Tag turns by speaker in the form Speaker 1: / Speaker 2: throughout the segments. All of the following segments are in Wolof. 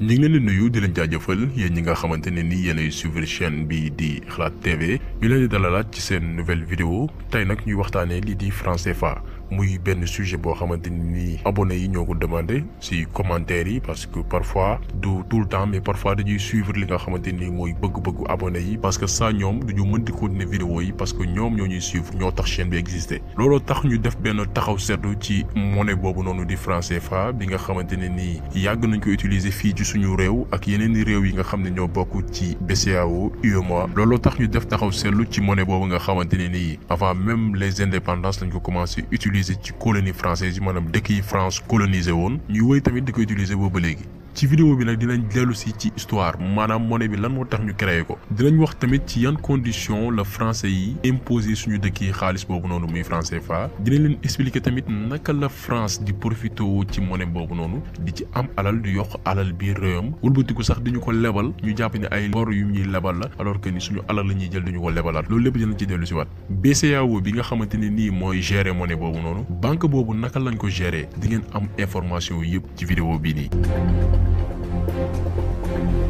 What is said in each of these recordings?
Speaker 1: ñu ngi leen di nuyu di leen jaajëfal yéen ñi nga xamante ne ni yéenay suivre chaîne bi di Xalaat TV ñu la di dalalaat ci seen nouvelle vidéo tey nag ñuy waxtaanee lii di franc CFA muy ben sujet bo xamanteni ni nii abonné yi ñoko ko demandé si commentaire yi parce que parfois du tout le temps mais parfois dañuy suivre li nga xamanteni ni mooy bëgg-bëggu abonné yi parce que ça ñom duñu ñu mën di continuer vidéo yi parce que ñom ñoo ñuy suivre ñoo tax chaîne bi existé looloo tax ñu def ben taxaw seetlu ci monnaie bobu nonu di franc CFA bi nga xamanteni ni nii nañ ko utiliser fi ci suñu réew ak yeneen i réew yi nga xamné ñoo bokku ci BCEAO UEMOA looloo tax ñu def taxaw seetlu ci monnaie bobu nga xamanteni ni avant même les indépendances lañ ko commencé utiliser utiliser ci colonie française yi maanaam dëkk yi France colonisé woon ñuy wéy tamit di utiliser boobu ba ci vidéo bi nak dinañ dellu si ci histoire manam monnaie bi lan moo tax ñu créé ko dinañ wax tamit ci yane condition le français yi imposé suñu dëkk yi xaalis bobu nonu muy franc CFA dinañ leen expliquer tamit naka la France di profité ci monnaie bobu nonu di ci am alal du yok alal bi réewam wëlbatiku sax diñu ko lebal ñu japp ni ay bor yu ñuy lebal la alors que ni suñu alal la ñuy jël dañu ko lebalaat loolu lepp dinañ ci dellu si waat BCEAO bi nga xamanteni ni moy gérer monnaie bobu nonu banque bobu naka lañ ko gérer di ngeen am information yépp ci vidéo bii nii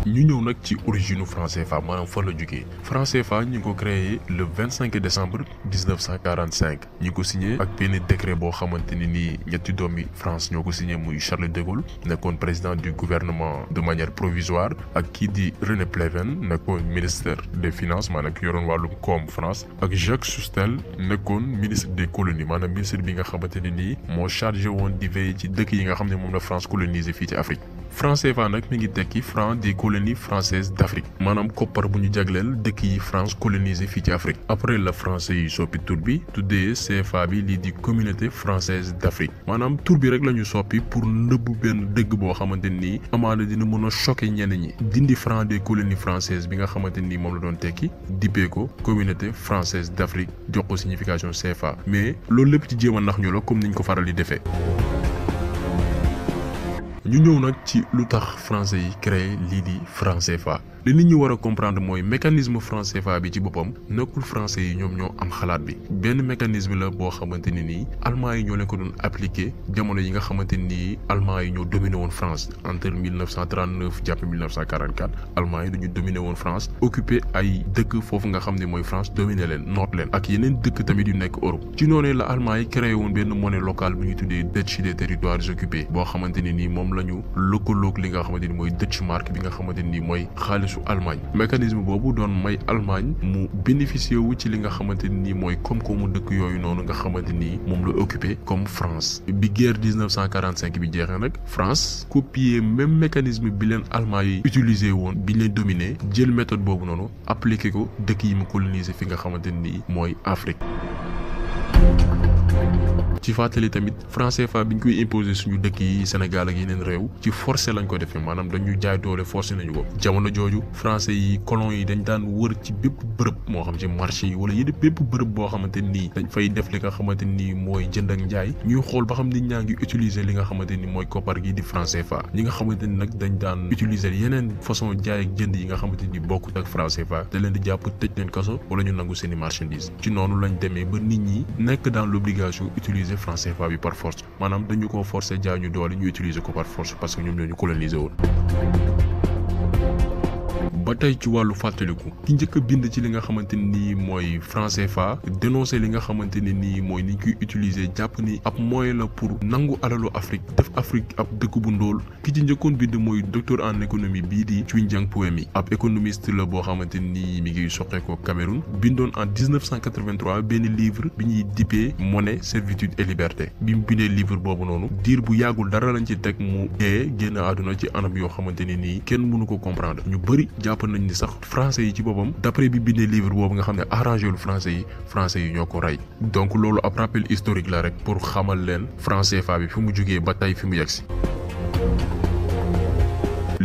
Speaker 1: nous ñëw nag ci origine français FA, maanaam fan la jógee Français FA, ñu ko créé le 25 décembre 1945 Nous ko signé ak un décret qui a ni ñetti doomi France ñoo signé muy Charles de Gaulle nekkoon président du gouvernement de manière provisoire ak qui di René Pleven nekkoon ministre des finances maanaam ki yoroon Walum comme France ak Jacques Soustelle nekkoon ministre des colonies maanaam ministre bi nga Colonie, ni chargé de di veiller ci dëkk yi nga la France colonisée fii ci Afrique. France est nak mi ngi tekki franc des colonies françaises d'Afrique manam copar buñu ñu jagleel yi France colonisé fi ci Afrique après la français yi soppi tur bi tuddee CFA bi li di communauté française d'Afrique manam tour bi rek lañu ñu soppi pour neub ben deug bo xamanteni amana amaana dina mëna choquer choqué ñi dindi franc des colonies françaises bi nga xamanteni mom la doon tekki dipé ko communauté française d'Afrique jox ko signification CFA mais loolu lepp ci jéem a nax ñu la comme niñ ko faral di ñu ñëw nag ci lu tax français yi créé lii di français fa li nit ñi war a comprendre mooy mécanisme français fa bi ci boppam nekkul français yi ñoom ñoo am xalaat bi benn mécanisme la boo xamante ni nii allemand yi ñoo leen ko doon appliqué jamono yi nga xamante ni allemand yi ñoo dominé woon France entre 1939 jàpp 1944 allemand yi dañu dominé woon France occupé ay dëkk foofu nga xam ne mooy France dominé leen noot leen ak yeneen dëkk tamit yu nekk Europe ci noonee la allemand yi créé woon benn monnaie locale bu ñuy tuddee Deutsche des territoires occupés boo xamante ni nii moom la ñu lëkkaloog li nga xamanteni moy mooy Deutsche Mark bi nga xamanteni moy mooy Allemagne mécanisme bobu doon may Allemagne mu bénéficier wu ci li nga xamanteni ni mooy comme koomu dëkk yooyu noonu nga xamanteni mom la comme France bi guerre 1945 bi jeexee nak France copier même mécanisme bi len Allemagne yi utiliser won bi len dominer jël méthode bobu nonu appliquer ko dëkk yi mu coloniser fi nga xamante ni mooy Afrique ci fàttali tamit français fa biñ koy imposé suñu dëkk yi Sénégal ak yeneen réew ci forcé lañ ko defee manam dañu jaay doole forcé nañu ko jamono joju français yi colon yi dañ daan wër ci bépp bërepp moo xam ci marché yi wala yéen bépp bërepp boo xamante nii dañ fay def li nga xamante nii mooy jënd ak njaay ñuy xool ba xam ni ñaa ngi utiliser li nga xamante ni mooy koppar gi di français fa ñi nga xamante ni nag dañ daan utiliser yeneen façon jaay ak jënd yi nga xamante ni bokkut ak franc CFA da leen di jàpp tëj leen kaso wala ñu nangu seeni marchandise ci noonu lañ demee ba nit ñi nekk dans l'obligation utiliser utiliser français pas par force manam dañu ko forcer jaay ñu doole ñu utiliser ko par force parce que ñoom ñu coloniser woon ba tey ci walu fateliku ki njëkk bind ci li nga xamanteni ne français mooy franc dénoncé li nga xamanteni ni moy ni ñu utiliser jàpp ni ap moyen la pour nangu alalu Afrique def Afrique ap dëkk bu ndóol ki ci njëkkoon bind moy docteur en économie bi di Tchwindjiang poemi à économiste la bo xamanteni ni mi ngi ko Cameroun bindon en 1983 ben livre bi ñuy monnaie servitude et liberté bi mu livre bobu nonu dir bu yagul dara lañ ci tek mu dee génn àdduna ci anam yo xamanteni ni kenn mënu ko comprendre ñu bari jàpp jàpp nañ ni sax français yi ci boppam d'après bi bindee livre bobu nga xamné ne arrangé wul français yi français yi ñoko ray donc lolu ap rappel historique la rek pour xamal leen français fa bi fi mu jugee ba tay fi mu yegsi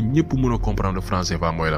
Speaker 1: ñëpp mën a comprendre franc CFA mooy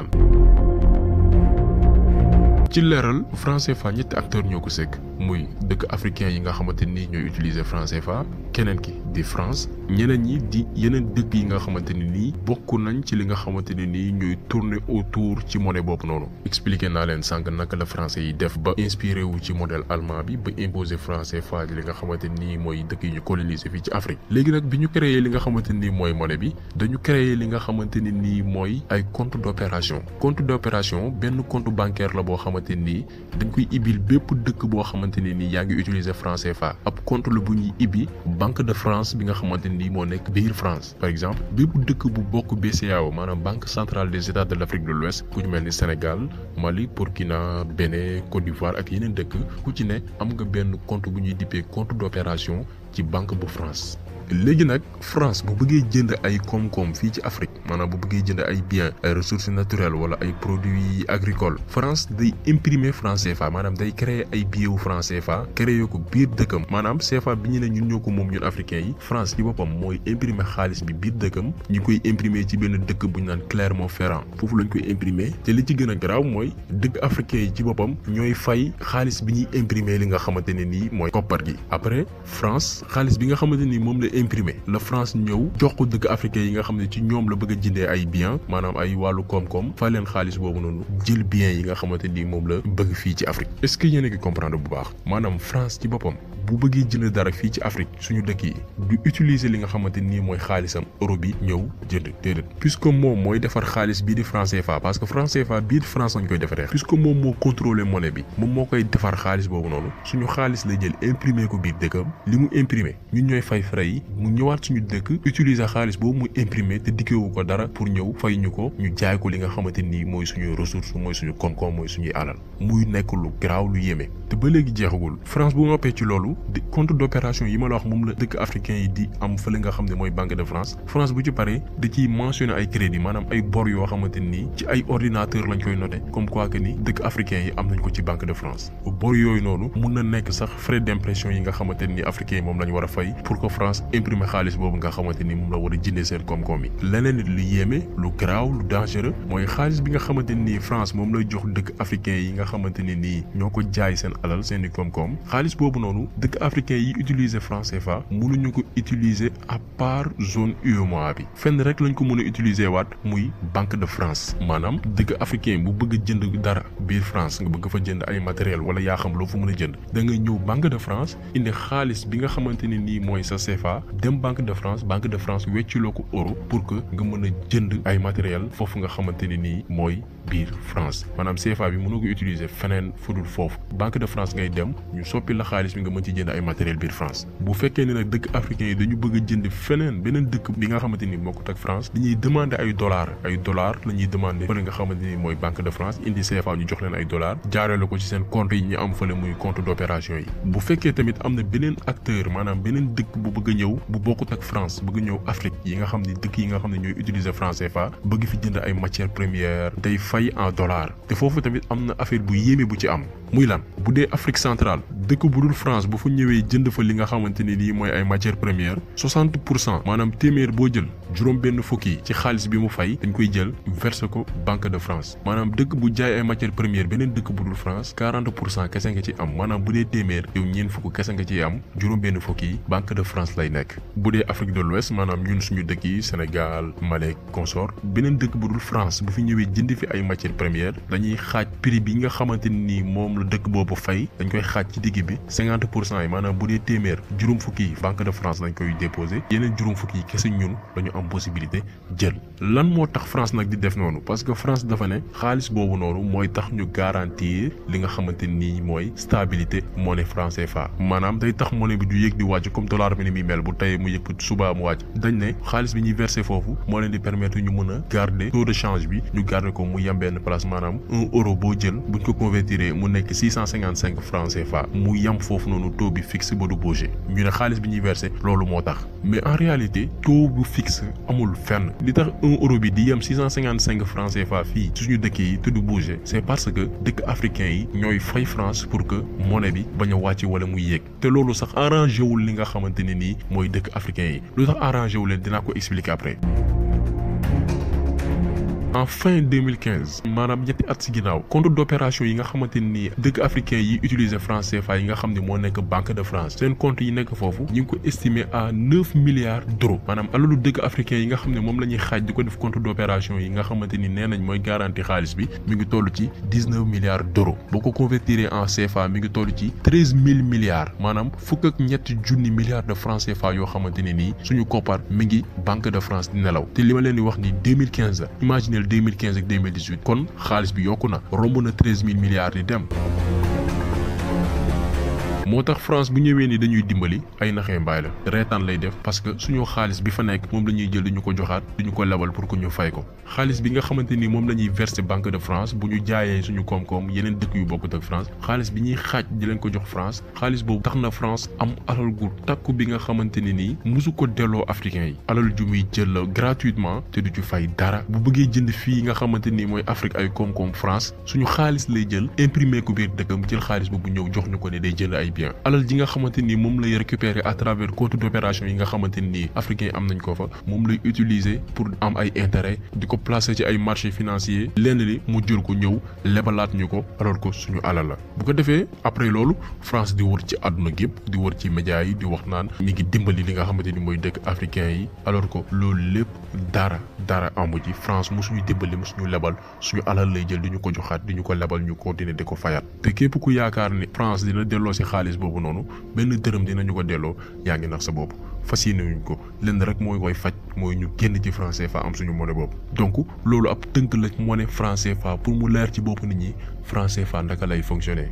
Speaker 1: ci leeral franc CFA ñetti acteur ñoo sék muy dëkk africain yi nga xamanteni ni utiliser franc CFA kenen ki di France ñeneen ñi di yeneen dëkk yi nga xamanteni ni bokku nañ ci li nga xamanteni ni ñoy tourner autour ci monnaie bop nonu expliquer na len sànq nak la français yi def ba inspiré wu ci modèle allemand bi ba imposer franc CFA li nga xamanteni nii dëkk yi ñu coloniser fi ci Afrique légui nak biñu créer li nga xamanteni moy monnaie bi dañu créer li nga xamanteni ni moy ay compte d'opération compte d'opération benn compte bancaire la bo xamante xamante nii dañ koy ibil bépp dëkk boo xamante ne nii utiliser franc CFA ap compte la ibi banque de France bi nga xamante mo moo nekk biir France par exemple bépp dëkk bu bokk BCEAO manam banque centrale des états de l'Afrique de l'Ouest kuñu melni Sénégal Mali Burkina Bénin Côte d'Ivoire ak yeneen dëkk ku ci ne am nga benn compte buñu dippé compte d'opération ci banque bu France léegi nak France bu bëggé jënd ay koom-koom fii ci Afrique manam bu bëggé jënd ay biens ay ressources naturelles wala ay produits agricoles France day imprimer franc CFA manam day créer ay billets wu CFA créer ko biir dëkkam manam CFA biñu né ñun ñoko ko moom ñun africains yi France ci bopam moy imprimer xaaliss bi biir dëkkam ñu koy imprimer ci benn dëkk buñ ñu naan Clermont-Ferrand foofu lañ koy imprimer té li ci gëna graw moy dëkk africain yi ci bopam ñoy fay xaaliss bi imprimer li nga xamanteni ni moy copper koppar gi après France xaaliss bi nga xamanteni mom moom la imprimé la France ñëw jox ko dëkk africain yi nga ci ñom la bëgg a ay biens manam ay walu kom kom fa leen xaalis boobu non jël biens yi nga la bëgg ci Afrique est-ce que a comprendre bu baax manam France ci bu bëggee jënd dara fii ci Afrique suñu dëkk yi du utiliser li nga xamante nii mooy xaalisam euro bi ñëw jënd déedéet puisque moom mooy defar xaalis bii di franc CFA parce que franc CFA biir France lañ koy defaree puisque moom moo contrôler monnaie bi moom moo koy defar xaalis boobu noonu suñu xaalis la jël imprimer ko biir dëkkam li mu imprimer ñun ñooy fay frais yi mu ñëwaat suñu dëkk utiliser xaalis boobu muy imprimer te dikkewu ko dara pour ñëw fay ñu ko ñu jaay li nga xamante ni mooy suñuy ressource mooy suñu koom mooy suñuy alal muy nekk lu garaaw lu yéeme te ba léegi jeexagul France bu noppee ci loolu contre compte d'opération yi ma la wax mom la deuk africain yi di am fele nga xam moy banque de France France bu ci paré di ci mentionner ay crédit manam ay bor yo xamanteni ci ay ordinateur lañ koy noter comme quoi que ni deuk africain yi am nañ ko ci banque de France bor yoy noonu mun na nekk sax frais d'impression yi nga xamanteni africain mom lañ wara fay pour que France imprimer xaliss bobu nga xamanteni mom la wara a sen comme. comme yi leneen nit lu yéeme lu garaaw lu dangereux moy xaliss bi nga xamanteni France mom lay jox deuk africain yi nga xamanteni ni ñoko jaay sen alal sen i comme koom xaalis boobu noonu dëkk africain yi utiliser franc CFA mënuñu ko utiliser à part zone UEMOA bi fenn rek lañ ko mën utiliser wat muy banque de France manam dëkk africain bu bëgg jënd dara biir France nga bëgg fa jënd ay matériel wala yaa xam loo fu mën jënd da nga ñëw banque de France indi xaalis bi nga xamanteni ni nii mooy sa CFA dem banque de France banque de France wecculoo ko euro pour que nga mën jënd ay matériel fofu nga xamanteni ni nii mooy biir France manam CFA bi mënoo ko utiliser feneen fudul foofu banque de France ngay dem ñu soppi la xaalis bi nga mën ci ci jënd ay matériel biir France bu fekkee ne nag dëkk africain yi dañu bëgg a jënd feneen beneen dëkk bi nga xamante ni bokkut ak France dañuy demander ay dollars ay dollars la ñuy demander fële nga xamante ni mooy Banque de France indi CFA ñu jox leen ay dollars jaareelu ko ci seen compte yi ñu am fële muy compte d'opération yi bu fekkee tamit am na beneen acteur maanaam beneen dëkk bu bëgg a ñëw bu bokkut ak France bëgg ñëw Afrique yi nga xam ne dëkk yi nga xam ne ñooy utiliser franc CFA bëgg fi jënd ay matières premières day fay en dollars te foofu tamit am na affaire bu yéeme bu ci am muy lan bu dee Afrique centrale dëkk bu dul France bu fa fa li nga xamante ne nii mooy ay matières premières soixante pour cent maanaam téeméer boo jël juróom benn fukki ci xaalis bi mu fay dañ koy jël verse ko Banque de France maanaam dëkk bu jaay ay matières beneen dëkk bu dul France quarante pour cent kese nga ci am maanaam bu dee téeméer yow ñeen am juróom benn fukki Banque de France lay nekk bu dee Afrique de l'Ouest maanaam ñun suñu dëkk yi Sénégal Malek consort beneen dëkk bu dul France bu fi ñëwee jënd fi ay matières première dañuy xaaj prix bi nga xamante ne nii moom la dëkk boobu fay dañ koy xaaj ci digg 50% bi 50% pour cent yi maanaam bu fukki banque de France lañ koy déposé yeneen juróom fukki yi ñun lañu am possibilité jël lan mo tax France nak di def nonu parce que France dafa né xaalis bobu nonu moy tax ñu garantir li nga xamante moy stabilité monnaie française. fa manam day tax monnaie bi du yegg di comme dollar bi ni muy mel bu tay mu yëg suba mu wàcc dañ né xaalis bi ñi verser fofu mo leen di permettre ñu mëna garder taux de change bi ñu garder ko mu yam benn place manam un euro boo jël buñ ko convertir mu nekk 655 francs cinquante mu yem foofu noonu fixe ba bouger ñu ne bi ñi versé ça motax mais en réalité taux fixe amul fenn li tax 1 euro bi francs CFA fi suñu dëkk yi te du bouger c'est parce que dëkk africain yi ñoy fay France pour que monnaie bi baña wala muy yegg te sax arrangé wul li nga xamanteni ni moy africain arrangé ko expliquer après en fin 2015 maanaam ñetti at si ginnaaw compte d'opération yi nga xamanteni deug africain yi utiliser franc CFA yi nga xamni mo nek banque de France seen compte yi nek fofu ñu ko estimé à 9 milliards d'euros manam alolu deug africain yi nga xamni mom lañuy la ñuy ko def compte d'opération yi nga xamanteni nenañ moy garantie xaliss bi mi ngi tollu ci 19 milliards d'euros boo ko convertir en CFA mi ngi tollu ci 13000 milliards manam fukk ak ñetti junni milliards de francs CFA yo xamanteni ni suñu compar mi ngi banque de France di nelaw te li ma leen di wax ni 2015 imaginez 2015 et 2018 kon xaliss bi yokuna na na 000 milliards di dem. moo tax France bu ñëwee ni dañuy dimbali ay naxee mbaay la reetaan lay def parce que suñu xaalis bi fa nekk moom la ñuy jël di ñu ko joxaat di ko lebal pour que ñu fay ko xaalis bi nga xamante ni moom la ñuy verser Banque de France bu ñu jaayee suñu koom-koom yeneen dëkk yu bokkut ak France xaalis bi ñuy xaaj di leen ko jox France xaalis boobu tax na France am alal gu takku bi nga xamante ne nii musu ko delloo africain yi alal ju muy jël la gratuitement te du ci fay dara bu bëggee jënd fii nga xamante ni mooy Afrique ay koom-koom France suñu xaalis jël imprimer ko biir dëkkam jël xaalis jox ñu ko ne day jënd ay africain alal gi nga xamanteni mom moom lay récupérer à travers compte d'opération yi nga xamanteni africain am nañ ko fa mom lay utiliser pour am ay intérêt diko placer ci ay marché financier lenn li mu jël ko ñëw lebalaat ñu ko alors que suñu alal la bu ko défé après lolu France di wër ci aduna gépp di wër ci média yi di wax naan mi ngi dimbali li nga xamanteni moy dekk africain yi alors ko loolu lepp dara dara amu ci France mosuñu dimbali mosuñu lebal suñu alal lay jël diñu ko joxat diñu ko lebal ñu continuer diko fayat fayaat te képp ku yaakaar ni France dina delloo ci xaalis boobu noonu benn dërëm dinañu ko delloo yaa ngi nax sa bopp fas yéene wuñ ko lenn rek mooy koy faj mooy ñu génn ci franc fa am suñu monnaie bopp. donc loolu ab tënk la moo ne franc fa pour mu leer ci bopp nit ñi franc CFA naka lay fonctionner.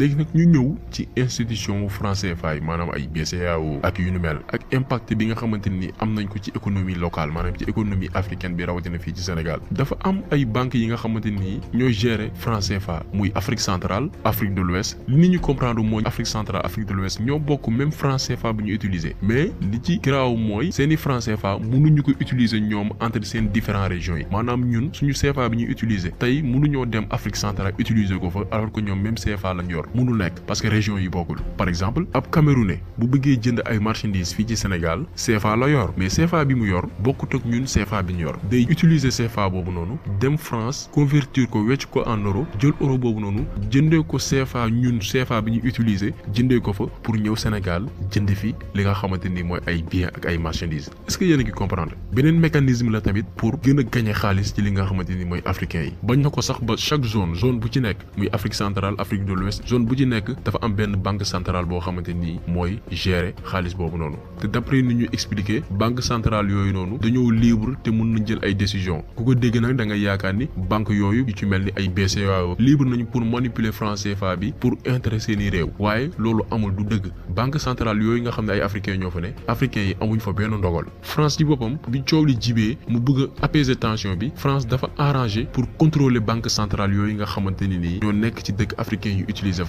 Speaker 1: léegi nak ñu ñëw ci institution français CFA yi maanaam ay BCEAO ak yu ñu mel ak impact bi nga xamanteni am nañ ko ci économie locale manam ci économie africaine bi rawatina fi ci Sénégal dafa am ay banques yi nga xamanteni ñoy gérer français fa muy Afrique centrale Afrique de l'Ouest li ni ñu comprendre mooy Afrique centrale Afrique de l'Ouest ñoo bokk même français fa bu ñu utiliser mais li ci garaaw mooy seeni fa mënu ñu ko utiliser ñom entre seen différents régions Manam ñun suñu CFA bi ñu utiliser mënu ñoo dem Afrique centrale utiliser ko fa alors que ñom même CFA lañ yor mënul nekk parce que région yi bokkul par exemple ab camerounais bu bëggee jënd ay marchandises fii ci Sénégal CFA la yor mais CFA bi mu yor bokkut ak ñun CFA bi ñu yor day utiliser CFA boobu noonu dem France convertir ko wecc ko en euro jël euro boobu noonu jëndee ko CFA ñun CFA bi ñu utiliser jëndee ko fa pour ñëw Sénégal jënd fi li nga xamante ni mooy ay biens ak ay marchandises est-ce que yéen a ngi comprendre beneen mécanisme la tamit pour gën a gagner xaalis ci li nga xamante ni mooy africains yi bañ na ko sax ba chaque zone zone bu ci nekk muy Afrique centrale Afrique de l'Ouest zone bu ci nek dafa am ben banque centrale bo xamanteni moy gérer xaalis bobu noonu te d'après ni ñu expliqué banque centrale yoyu noonu dañoo libre te mën nañ jël ay décision ku ko dégg nak da nga yaakaar ni banque yoyu yu ci melni ay BCEAO libre nañu pour manipuler franc CFA bi pour intéresser ni rew waye lolu amul du deug banque centrale yoyu nga xam ay africain ñoo fa ne africains yi amuñ fa ben ndogol France di bopam bi coow li jibee mu bëgg apaiser tension bi France dafa arrangé pour contrôler banque centrale yoyu nga xamanteni ni ñoo nekk ci deug africain yu utiliser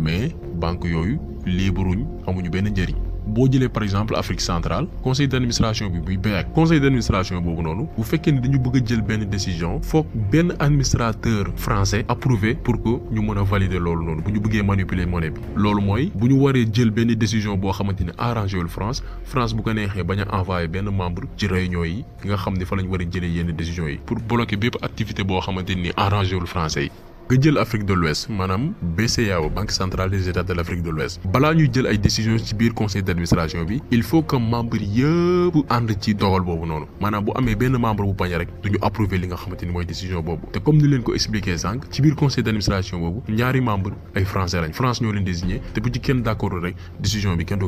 Speaker 1: mais banque yoyu libruñ amuñu ben jëri bo jëlé par exemple Afrique centrale conseil d'administration bi buy BEAC conseil d'administration bobu boobu bu fekké ni dañu bëgg jël ben décision fokk ben administrateur français approuvé pour que ñu mëna valider loolu noonu buñu bëggé manipuler monnaie bi. loolu moy buñu waré jël ben décision bo xamante ne France France bu ko nexé baña envoyer ben membre ci réunion yi nga xam fa lañu ñu jëlé a décision décisions yi pour bloquer bépp activité bo xamante ni français yi nga jël Afrique de l'Ouest maanaam BCEAO banque centrale des états de l'Afrique de l'Ouest balaa de jël ay décisions ci biir conseil d'administration, il faut que membre yëpp ànd ci dogal boobu noonu maanaam bu bien un membre bu bañ rek duñu approuver li de décision comme nous l'avons expliqué Zang. ci biir conseil d'administration, administration boobu ñaari membre ay français lañ France ñoo leen désigné et bu ci kenn d'accord. décision bi kenn du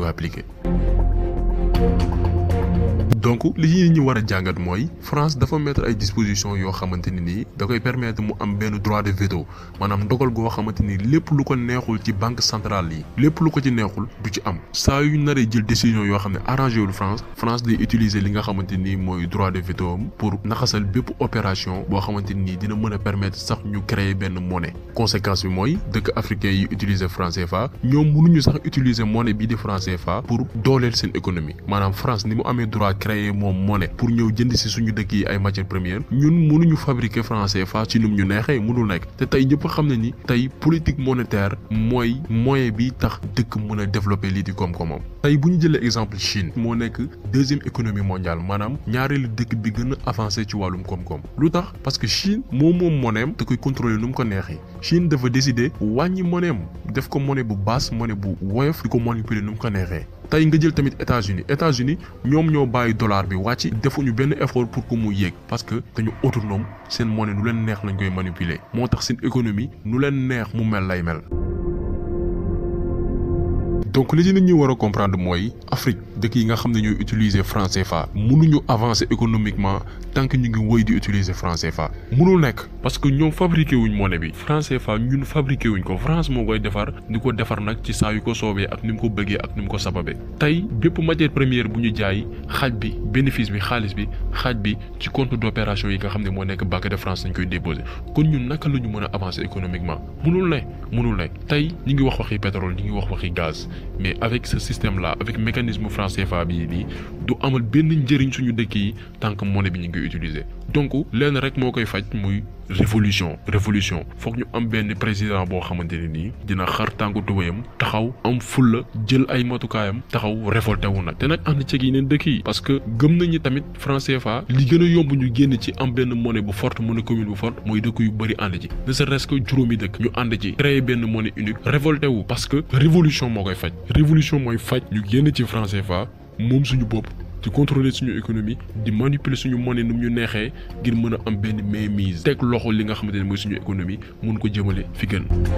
Speaker 1: donc li ñi war a jàngat France dafa mettre ay dispositions yo xamanteni ni da koy permettre mu am ben droit de veto manam ndogal go xamanteni lepp lépp lu ko neexul ci banque centrale yi lepp lu ko ci neexul du ci am sa yu naree jël décision yo xam ne arrangé France France day utiliser li nga xamanteni moy droit de veto pour naxasal bépp opération bo xamanteni dina mëna permettre sax ñu créer ben monnaie conséquence bi moy dëkk africain yi utiliser franc CFA mënu ñu sax utiliser monnaie bi di franc CFA pour doler seen économie manam France ni mu amé droit créé moom monnaie pour ñëw jënd si suñu dëkk yi ay matières premières ñun mënuñu fabriquer français fa ci num ñu nexé mënul nek té tay ñëpp xam na ni tay politique monétaire moy moyen bi tax dëkk mëna développer li di comme comme tay buñu ñu exemple Chine mo nek deuxième économie mondiale maanaam ñaareelu dëkk bi avancer a ci walum comme. comme lutax parce que Chine mo mom moneem te koy contrôler nu ko nexé Chine dafa décider wañi monnaie. def ko monnaie bu basse monnaie bu woyof di manipuler nu ko nexé tay nga jël tamit États-Unis États-Unis ñom ñoo baye dollar bi defu ñu ben effort pour que mu yegg parce que dañu autonome seen monnaie nu len neex lañ koy manipuler moo tax seen économie nu len neex mu mel lay mel. donc li ci nit ñi wara comprendre moy Afrique dëkk yi nga xam ne ñooy utiliser franc CFA mënuñu avancer économiquement tant que ñu ngi woy di utiliser franc CFA mënul nekk parce que ñoom fabriqué wuñ monnaie bi franc CFA ñun fabriqué wuñ ko France moo koy defar di ko defar nag ci saa yu ko soobee ak ni mu ko bëggee ak ni mu ko sababee tey bépp matière première bu ñu jaay xaj bi bénéfice bi xaalis bi xaj bi ci compte d'opération yi nga xam ne moo nekk Banque de France dañ koy déposé kon ñun naka la ñu mën a avancer économiquement mënul ne mënul ne tey ñu ngi wax waxi pétrole ñu ngi wax waxi gaz mais avec ce système là avec mécanisme France franc CFA bi nii du amul benn njëriñ suñu dëkk yi tant que monnaie bi ñu ngi utiliser donc lenn rek moo koy faj muy révolution révolution faut ñu am benn président bo xamanteni ni dina xar tànku tubayam taxaw am fulla jël ay matukaayam taxaw révolté wu na té nag and ci yeneen dëkk yi parce que gëm nañu tamit franc CFA li gëna a yomb ñu génn ci am benn monnaie bu forte monnaie commune bu forte moy dëkk yu bari and ci ne se reste que juroomi dëkk ñu and ci créer benn monnaie unique révolté wu parce que révolution mo koy faj révolution moy faj ñu génn ci franc CFA moom suñu bop de contrôler notre économie de manipuler suñu monnaie nu ñu en am ce que li nga économie ko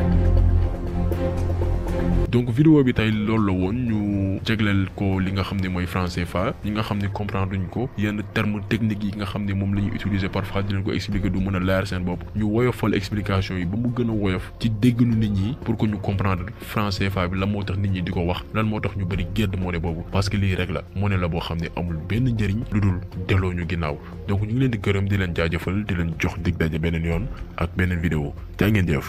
Speaker 1: donc vidéo bi tay loolu la woon ñu jagleel ko li nga xam ne mooy franc CFA ñi nga xam ne comprendre duñ ko yenn terme technique yi nga xam ne moom la ñuy utiliser parfois di leen ko expliquer du mën a leer seen bopp ñu woyofal explication yi ba mu gën a woyof ci déggnu nit ñi pour que ñu comprendre français fa bi lan moo tax nit ñi di ko wax lan moo tax ñu bëri gedd monnaie boobu parce que lii rek la monnaie la boo xam ne amul benn njëriñ lu dul delloo ñu ginnaaw donc ñu ngi leen di gërëm di leen jaajëfal di leen jox dig daje beneen yoon ak beneen vidéo jaa ngeen jëf